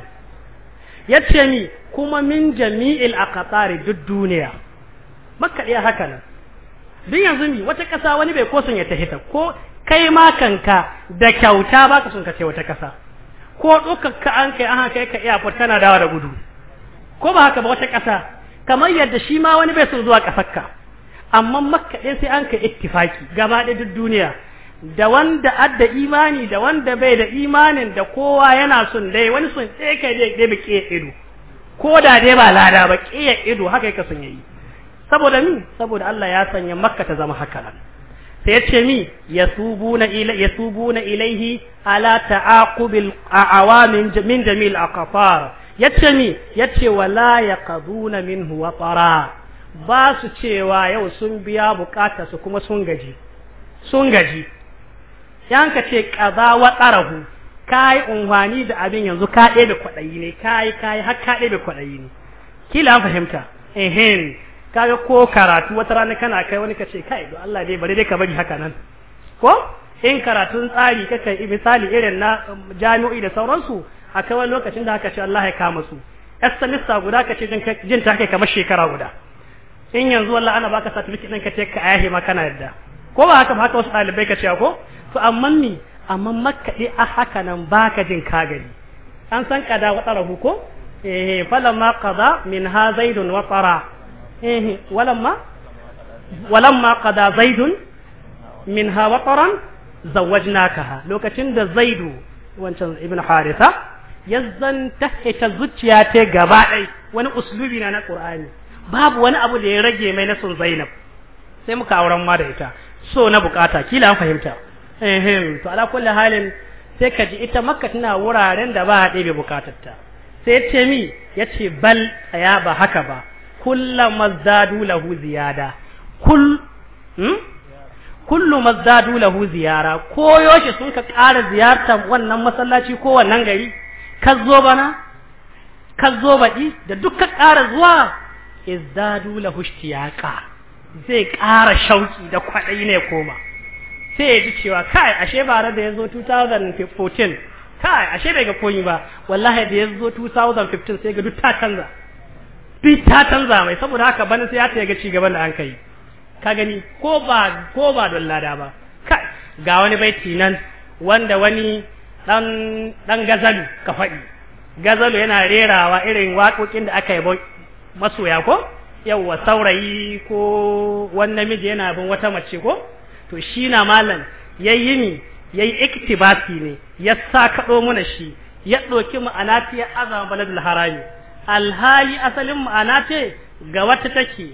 ya ce mi kuma min jami'il katsari duk duniya makaɗi a haka nan din yanzu mi wata ƙasa wani bai ko son ya tahita ko kai ma kanka da kyauta ba ka son ka ce wata ƙasa ko ɗaukaka ka an kai an kai ka iya tana dawa da gudu ko ba haka ba wata ƙasa kamar yadda shi ma wani bai son zuwa kasakka amma makka sai an kai ittifaki gaba ɗaya duk duniya da wanda adda imani da wanda bai da imanin da kowa yana sun dai wani sun tseke kai dai dai bike ido ko da dai ba lada ba kiya ido haka yake sun yi saboda mi saboda Allah ya sanya makka ta zama haka nan sai yace mi yasubuna ila yasubuna ilaihi ala ta'aqubil a'awamin min jamil aqfar yace mi yace wala yaqaduna minhu watara ba su cewa yau sun biya bukata su kuma sun gaji sun gaji yan ka ce kaza wa tsarahu kai unwani da abin yanzu ka ɗebe kwaɗayi ne kai kai har ka ɗebe kwaɗayi ne kila an fahimta ehem kaga ko karatu wata rana kana kai wani ka ce kai do Allah dai bari dai ka bari haka nan ko in karatun tsari kaka misali irin na um, jami'o'i da sauransu a kai wani lokacin da aka ce Allah ya kama su yar semester guda ka ce jin ta kai kamar shekara guda in yanzu wallahi ana baka certificate ɗin ka ce ka ayahe ma kana yadda ko ba haka ba haka wasu ɗalibai ka ce ko to amma ni amma makaɗe a haka nan baka jin ka gani an san kada wata rahu ko eh ma qada min ha zaidun wa tara eh walamma walamma qada zaidun min ha wa taran ha lokacin da zaidu wancan ibn haritha yazzan tahita zuciya ta gaba dai wani uslubi na na qur'ani babu wani abu da ya rage mai na sun zainab sai muka auren ma da ita so na bukata kila an fahimta ehem to ala kulli halin sai ka ji ita makka tana wuraren da ba a ɗebe bukatarta sai ce mi ya ce bal tsaya ba haka ba kullum mazadu lahu ziyada kul hmm? kullu mazadu lahu ziyara ko yoshi sun ka ƙara ziyartar wannan masallaci ko wannan gari ka zo bana ka zo baɗi da duk ƙara zuwa izdadu lahu ishtiyaqa zai ƙara shauki da kwaɗayi ne koma sai ya ji cewa kai ashe bara da ya zo 2014 kai ashe bai ga koyi ba wallahi da ya zo 2015 sai ga duk ta canza duk ta canza mai saboda haka bana sai ya ta ga cigaban da an kai ka gani ko ba ko ba don lada ba kai ga wani baiti nan wanda wani dan dan gazalu ka faɗi gazalu yana rerawa irin waƙoƙin da aka yi masoya ko yawwa saurayi ko wani namiji yana bin wata mace ko to shi na malam ya yi ni ya yayi iktibasi ne ya sa kaɗo mana shi ya ɗauki ma'ana ta ya azama baladul harami alhali asalin ma'ana ce ga wata take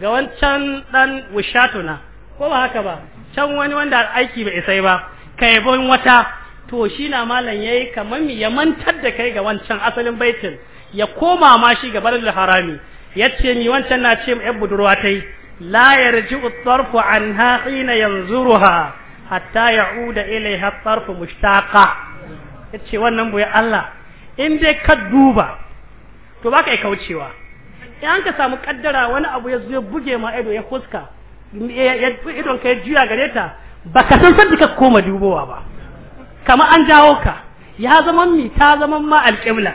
ga wancan ɗan wushatuna ko ba haka ba can wani wanda aiki bai isai ba kai bon wata to shi na malam ya yi kamar ya mantar da kai ga wancan asalin baitin ya koma ma shi ga baladul harami ce ni wancan na ce ma yar budurwa yi. la yarji'u at-tarfu anha hina yanzuruha hatta ya'uda ilayha at-tarfu mushtaqa yace wannan boye Allah in dai ka duba to baka yi kaucewa in an ka samu kaddara wani abu ya zo ya buge ma ido ya fuska idon ka ya juya gareta, ta baka san sanda ka koma dubowa ba kama an jawo ka ya zaman mi ta zama ma alƙibla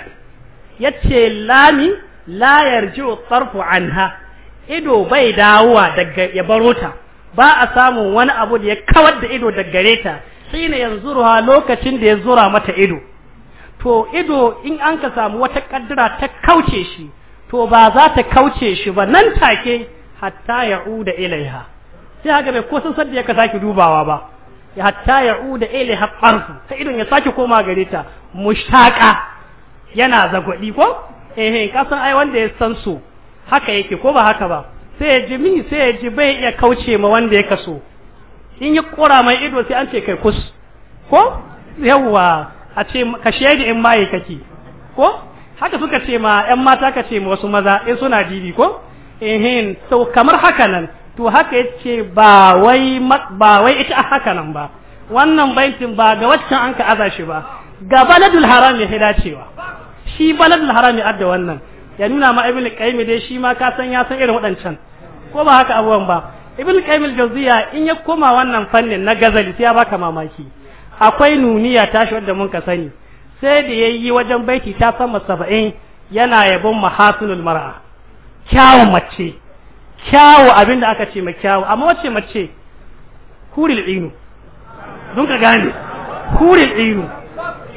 yace lami la yarji'u at-tarfu anha ido bai dawowa daga ya baro ta ba a samun wani abu da ya kawar da ido daga gare ta sai na yanzu ruwa lokacin da ya zura mata ido to ido in an ka samu wata kaddara ta kauce shi to ba za ta kauce shi ba nan take hatta uda ilaiha sai haka bai ko sadda ya ka sake dubawa ba ya hatta uda ilaiha qarfu ta idon ya sake koma gare ta mushtaqa yana zagwadi ko eh eh kasan ai wanda ya san so haka yake ko ba haka ba sai ya ji mi sai ya ji bai iya kauce ma wanda ya kaso in yi kora mai ido sai an ce kai kus ko yawwa a ce ka yadda in maye kake ko haka suka ce ma yan mata ka ce ma wasu maza in suna jibi ko ehin to kamar haka nan to haka ce ba wai ba wai ita haka nan ba wannan baitin ba ga waccan an ka aza shi ba ga baladul haram ya dacewa shi baladul haram ya adda wannan ya nuna ma ibn qayyim dai shi ma ka san ya san irin waɗancan ko ba haka abuwan ba ibn qayyim al-jawziya in ya koma wannan fannin na gazali sai ya baka mamaki akwai nuniya tashi wanda mun ka sani sai da yayi wajen baiti ta sama saba'in yana yabon mahasulul mar'a kyawun mace kyawu abinda aka ce ma kyawu amma wace mace huril inu don ka gane huril inu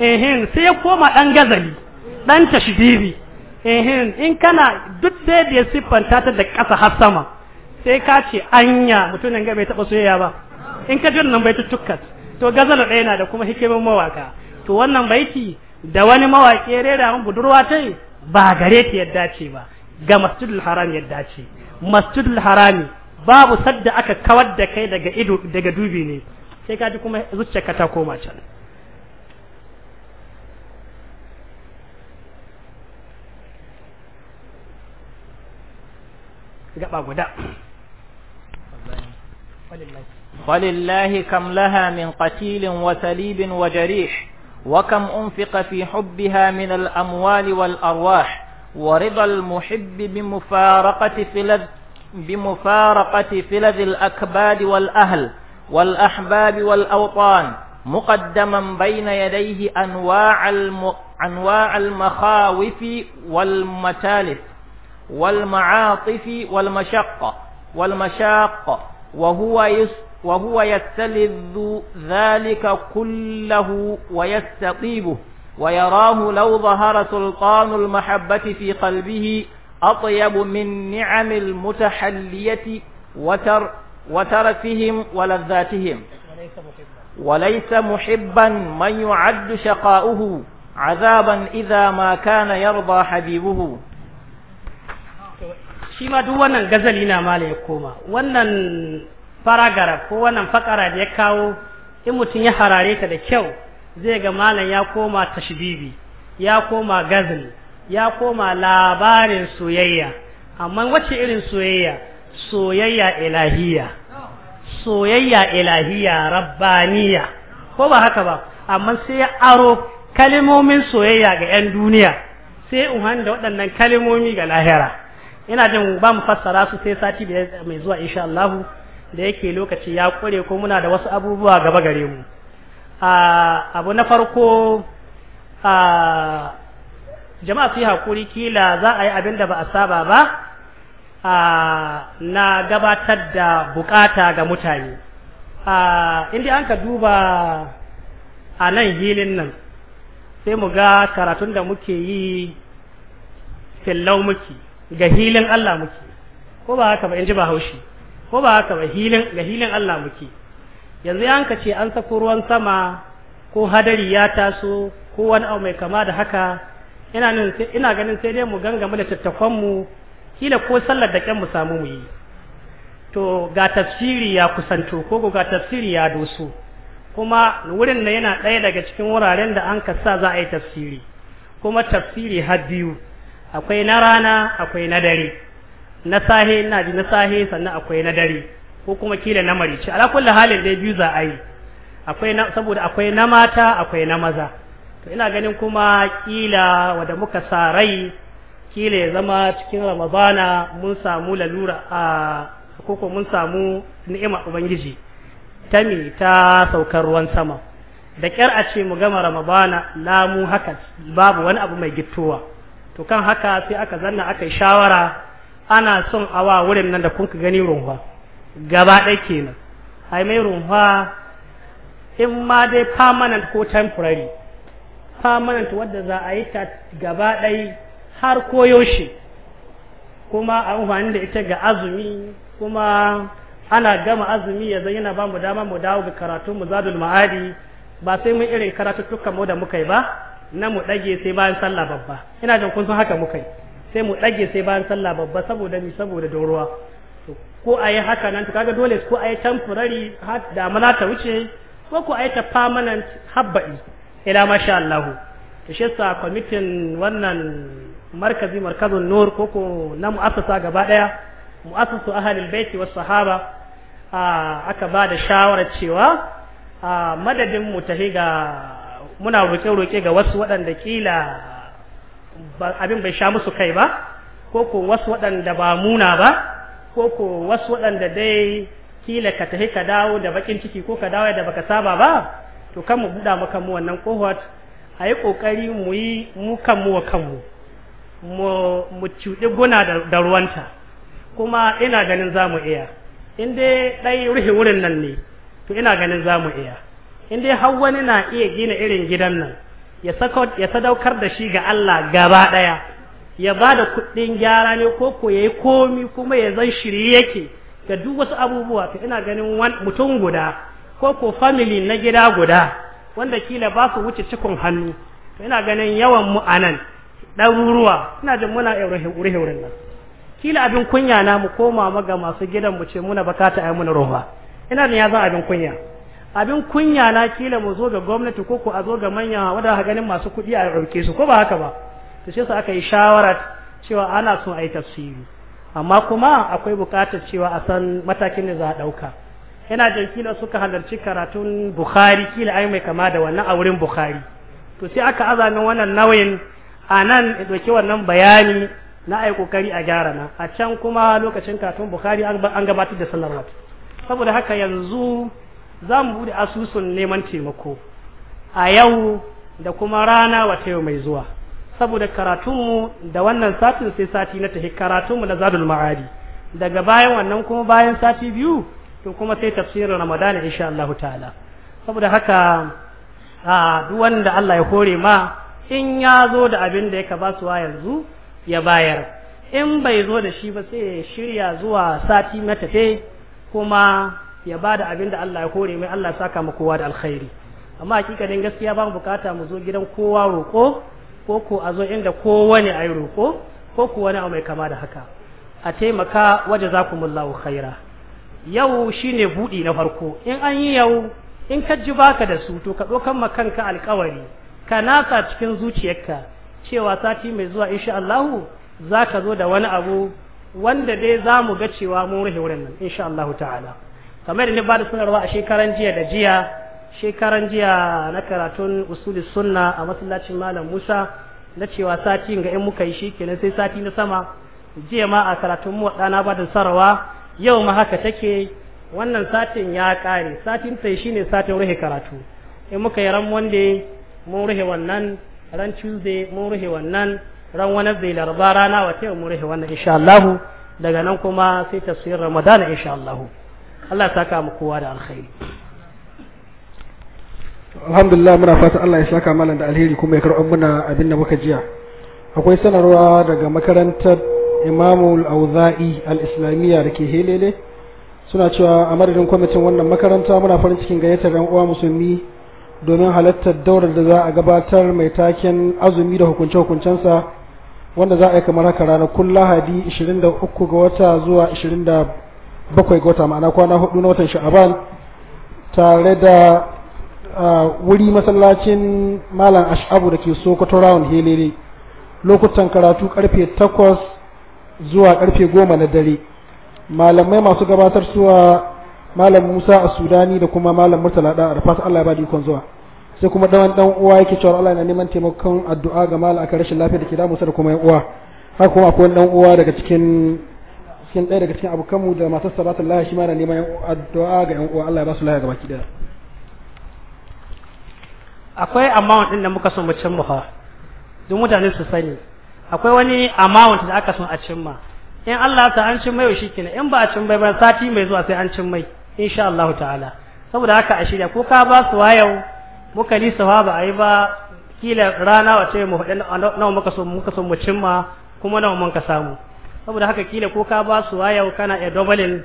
ehin sai ya koma dan gazali dan tashidibi. ehin in kana duk da ya siffanta ta da ƙasa har sama sai ka ce anya mutumin ga bai taɓa soyayya ba in ka jin nan bai tuttukat to gazala ɗaya na da kuma hikimin mawaka to wannan baiti da wani mawaki ya rera mun budurwa ta ba gare ta ya dace ba ga masjidul haram yadda ce masjidul harami babu sadda aka kawar da kai daga ido daga dubi ne sai ka ji kuma zuciyarka ta koma can gaba guda kam laha min qatilin wa salibin wa jarih wa kam unfiqa fi hubbiha min amwali wal wa ridha al muhibb bi mufaraqati bi mufaraqati filad al akbad wal ahl wal ahbab wal awtan muqaddaman bayna yadayhi anwa' al makhawifi wal matalif والمعاطف والمشقة والمشاقة وهو يس وهو يستلذ ذلك كله ويستطيبه ويراه لو ظهر سلطان المحبة في قلبه أطيب من نعم المتحلية وتر وترفهم ولذاتهم وليس محبا من يعد شقاؤه عذابا إذا ما كان يرضى حبيبه shi ma duk wannan gazali na mala ya koma wannan faragara ko wannan fakara da ya kawo in mutum ya harare ta da kyau zai ga malam ya koma tashbibi ya koma gazali ya koma labarin soyayya amma wacce irin soyayya soyayya ilahiya soyayya ilahiya rabbaniya ko ba haka ba amma sai ya aro kalimomin soyayya ga 'yan duniya sai in da waɗannan kalimomi ga lahira ina jin ba mu fassara su sai sati mai zuwa insha Allah da yake lokaci ya kure ko muna da wasu abubuwa gaba gare mu abu na farko jama'a su yi hakuri kila za a yi abin da ba a saba ba na gabatar da bukata ga mutane inda an ka duba a nan hilin nan sai mu ga karatun da muke yi fillau muke ga hilin Allah muke ko ba haka ba in ji ba haushi ko ba haka ba hilin ga hilin Allah muke yanzu ya hanka ce an sako ruwan sama ko hadari ya taso ko wani abu mai kama da haka ina ganin sai dai mu gangama da tattakon mu kila ko sallar da kyan mu samu mu yi to ga tafsiri ya kusanto ko ga tafsiri ya doso kuma wurin na yana ɗaya daga cikin wuraren da an ka sa za a yi tafsiri kuma tafsiri har biyu akwai na rana akwai na dare na sahe ina ji na sahe sannan akwai na dare ko kuma kila na marici ala kulli halin dai biyu za a yi saboda akwai na mata akwai na maza to ina ganin kuma kila wanda muka sa rai kila ya zama cikin ramadana mun samu lalura a koko mun samu ni'ima ubangiji ta mi ta saukar ruwan sama da kyar a ce mu gama ramadana lamu haka babu wani abu mai gittowa to kan haka sai aka zanna aka yi shawara ana son awa wurin nan da kunka ka gani runfa gaba ɗai kenan hai mai runfa in ma dai permanent ko temporary permanent wadda za a yi ta gaba ɗai har koyaushe kuma amfani da ita ga azumi kuma ana gama azumi ya zai yana ba mu dama mu dawo ga karatun mu zadul ma'adi ba sai mun irin karatuttukan mu da muka yi ba na mu ɗage sai bayan sallah babba ina jin kun san haka muka yi sai mu ɗage sai bayan sallah babba saboda mi saboda don ruwa ko a yi haka nan kaga dole ko a yi temporary mana ta wuce ko ko a yi ta permanent habba'i ila masha Allah to shi yasa kwamitin wannan markazi markazun nur ko ko na mu'assasa gaba daya mu'assasu ahlul baiti was sahaba aka ba da shawara cewa madadin mu tahi ga muna roƙe-roƙe ga wasu waɗanda kila abin bai sha musu kai ba ko ko wasu waɗanda ba muna ba ko ko wasu waɗanda dai kila ka tafi ka dawo da bakin ciki ko ka dawo da baka saba ba to kan mu buɗa maka mu wannan kohot a yi ƙoƙari mu yi mu kanmu wa kanmu mu cuɗi guna da ruwanta kuma ina ganin za mu iya in dai ɗai ruhi wurin nan ne to ina ganin za mu iya in dai har wani na iya gina irin gidan nan ya ya sadaukar da shi ga Allah gaba ɗaya, ya ba da kuɗin gyara ne ko ko yayi komi kuma ya zan shiri yake ga duk wasu abubuwa to ina ganin mutum guda ko ko family na gida guda wanda kila ba su wuce cikon hannu to ina ganin yawan mu anan ɗaruruwa ina jin muna yaurin nan kila abin kunya na mu koma maga masu gidan mu ce muna bakata ai muna roba ina jin ya zan abin kunya abin kunya na kila mu zo ga gwamnati ko ko a zo ga manya wadda ha ganin masu kuɗi a ɗauke su ko ba haka ba to sai su aka yi shawara cewa ana son a yi tafsiri amma kuma akwai buƙatar cewa a san matakin da za a ɗauka yana da kila suka halarci karatun bukhari kila ai mai kama da wannan a wurin bukhari to sai aka azamin wannan nauyin a nan ɗauki wannan bayani na ai kokari a gyara na a can kuma lokacin karatun bukhari an gabatar da sanarwa saboda haka yanzu za mu bude asusun neman taimako a yau da kuma rana wata yau mai zuwa saboda karatunmu da wannan satin sai sati na tafi karatunmu na zadul ma'adi daga bayan wannan kuma bayan sati biyu to kuma sai tafsirin ramadana insha Allah ta'ala saboda haka a duk wanda Allah ya kore ma in ya zo da abin da yaka basuwa yanzu ya bayar in bai zo da shi ba sai shirya zuwa sati na tafe kuma ya ba da abin da Allah ya kore mai Allah saka mu kowa da alkhairi amma hakikanin gaskiya ba mu bukata mu zo gidan kowa roko ko ko a zo inda kowane ayi roko ko ko wani mai kama da haka a taimaka waje za ku mullahu khaira yau shine buɗi na farko in an yi yau in ka ji baka da su to ka ma kanka alkawari ka nasa cikin zuciyarka cewa sati mai zuwa insha Allah ka zo da wani abu wanda dai zamu ga cewa mun rahe wurin nan insha Allah ta'ala kamar da ni ba da sanarwa a shekaran jiya da jiya shekaran jiya na karatun usulis sunna a masallacin malam musa na cewa sati ga in muka yi shi kenan sai sati na sama jiya ma a karatun mu ɗana ba da sanarwa yau ma haka take wannan satin ya kare satin sai shine satin ruhe karatu in muka yi ran wande mun ruhe wannan ran tuesday mun ruhe wannan ran wani zai laraba rana wata yau mun ruhe wannan insha daga nan kuma sai tafsirin ramadana insha Allah ya saka mu kowa da alkhairi alhamdulillah muna fata Allah ya saka mana da alheri kuma ya karɓar muna abin da muka jiya akwai sanarwa daga makarantar al auza'i al-islamiyya da ke helele suna cewa a madadin kwamitin wannan makaranta muna farin cikin gayyatar yan uwa musulmi domin halartar daurar da za a gabatar mai taken azumi da hukunce-hukuncensa wanda za a yi kamar haka ranakun lahadi 23 ga wata zuwa bakwai ga wata ma'ana kwana hudu na watan sha'aban tare da wuri masallacin malam ash'abu da ke sokoto round helele lokutan karatu karfe takwas zuwa karfe goma na dare malamai masu gabatar suwa malam musa a sudani da kuma malam murtala da arfas allah ya ba ikon zuwa sai kuma dan dan uwa yake cewa allah na neman taimakon addu'a ga malam aka rashin lafiya da ke sa da kuma yan uwa haka kuma akwai dan uwa daga cikin cikin ɗaya daga cikin abokanmu da matar sa ba ta lahashi na neman yan addu'a ga yan uwa Allah ya ba su lahaya ga baki ɗaya. akwai amount ɗin da muka so mu cimma fa duk mutane su sani akwai wani amount da aka so a cimma in Allah ta an cimma yau shi shikenan in ba a cimma ba sati mai zuwa sai an cimma insha Allah ta'ala saboda haka a shirya ko ka ba su wayau muka lisa fa ba a yi ba kila rana wace mu faɗi nawa muka so muka so mu cimma kuma nawa mun ka samu saboda haka kila ko ka ba su waya kana iya dobalin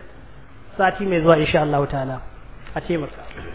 sati mai zuwa insha Allah ta'ala a taimaka